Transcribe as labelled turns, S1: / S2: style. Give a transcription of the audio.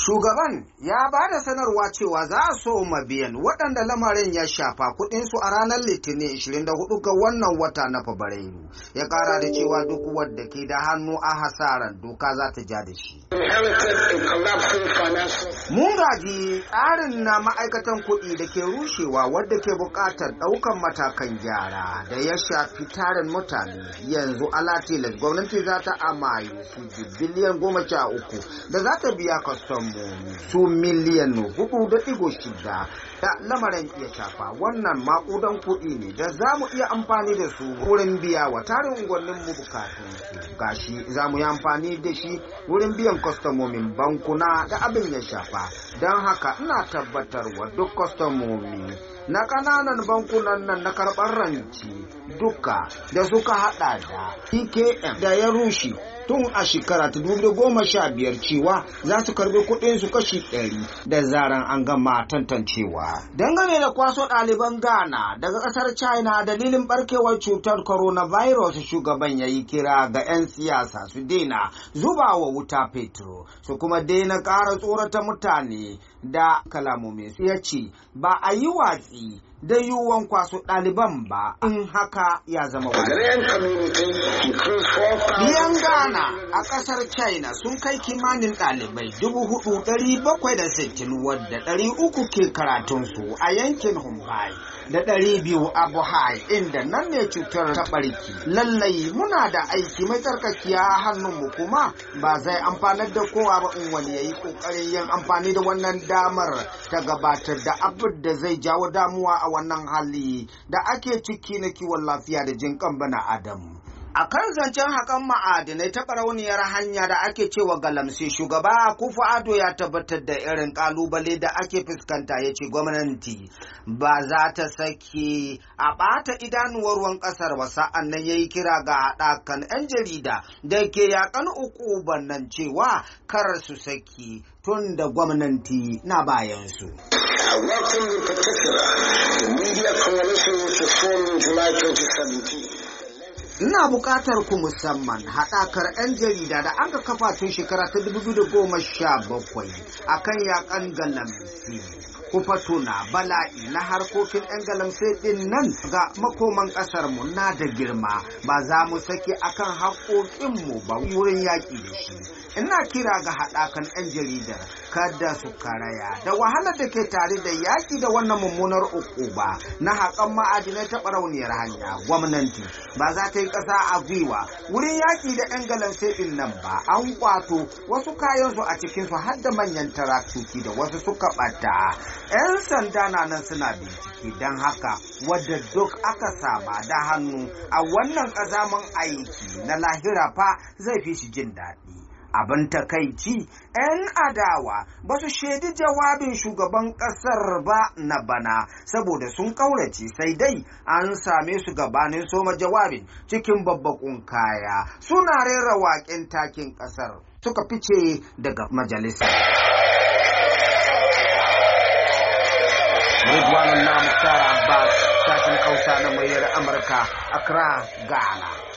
S1: Shugaban ya ba da sanarwa cewa za a so biyan waɗanda lamarin ya shafa kuɗinsu a ranar Litinin 24 ga wannan wata na Fabrairu. Ya ƙara da cewa duk wadda ke da hannu a hasaran doka za ta ja da shi. Mun gaji tsarin na ma'aikatan kuɗi da ke rushewa wadda ke buƙatar ɗaukan matakan gyara da ya shafi tarin mutane yanzu alatilas gwamnati za ta amaye su biliyan goma sha uku da za ta biya kwastom su miliyan hudu da digo shida da lamarin iya shafa wannan makudan kuɗi ne da za mu iya amfani da su wurin biya wa tarin unguwannin mu bukatun gashi za mu yi amfani da shi wurin biyan kwastomomin bankuna da abin ya shafa don haka ina wa duk kwastomomi na kananan bankunan nan na karɓar ranci duka da suka haɗa da tkm e da ya rushe tun a shekara ta dubu goma sha biyar cewa za su karbi kuɗin su kashi ɗari da zaran an gama tantancewa. Dangane da kwaso ɗaliban Ghana daga ƙasar China dalilin barkewar cutar coronavirus shugaban ya yi kira ga 'yan siyasa su daina wa wuta petro su kuma daina ƙara tsorata mutane da kalamomin su ya ce ba a yi watsi da yiwuwan kwaso ɗaliban ba in haka ya zama wani. Biyan Ghana a ƙasar China sun kai kimanin ɗalibai dubu hudu ɗari bakwai da sittin wadda ɗari uku ke karatunsu a yankin Humbai. da ɗari biyu a buhai inda nan ne cutar ta ɓarki lallai muna da aiki mai tsarkakiya a hannunmu kuma ba zai amfanar da kowa ba in wani ya yi ƙoƙarin yin amfani da wannan damar ta gabatar da abin da zai jawo damuwa a wannan hali da ake ciki na kiwon lafiya da kan bana Adamu. A kan zancen hakan ma'adinai ta barauniyar hanya da ake cewa galamsi shugaba kufu ado ya tabbatar da irin kalubale da ake fuskanta ya ce gwamnati ba za ta sake a ɓata idanuwar ruwan ƙasar ba sa'an nan ya yi kira ga haɗakan 'yan jarida da ke yakan uku bannan cewa kar su saki tun da gwamnati na bayansu. I in particular the media coalition was formed in July 2017. ina buƙatar ku musamman haɗakar 'yan jarida da an ka kafa tun shekara ta goma sha 2017 akan yaƙan galamsi kufa tuna bala'i na harkokin yan galamsai ɗin nan ga makoman ƙasar mu na da girma ba za mu sake akan haƙoƙin mu ba wurin yaƙi da shi ina kira ga haɗakan yan jaridar kada su karaya da wahalar da ke tare da yaƙi da wannan mummunar uku ba, na haƙan ma'adinai ta barauniyar hanya gwamnati ba za ta yi ƙasa a gwiwa wurin yaƙi da yan galamsai ɗin nan ba an kwato wasu kayansu a cikinsu har da manyan taraktoci da wasu suka ɓata 'yan sanda na nan suna bincike don haka wadda duk aka sama da hannu a wannan ƙazamin aiki na lahira fa zai fi shi jin daɗi abin takaici 'yan adawa ba su shaidi jawabin shugaban ƙasar ba na bana saboda sun ƙaurace sai dai an same su gabanin soma jawabin cikin babbakun kaya suna rera waƙen takin ƙasar suka fice daga majalisar Namu Muktar Abbas, sashen kausa na muryar Amurka, Accra, Ghana.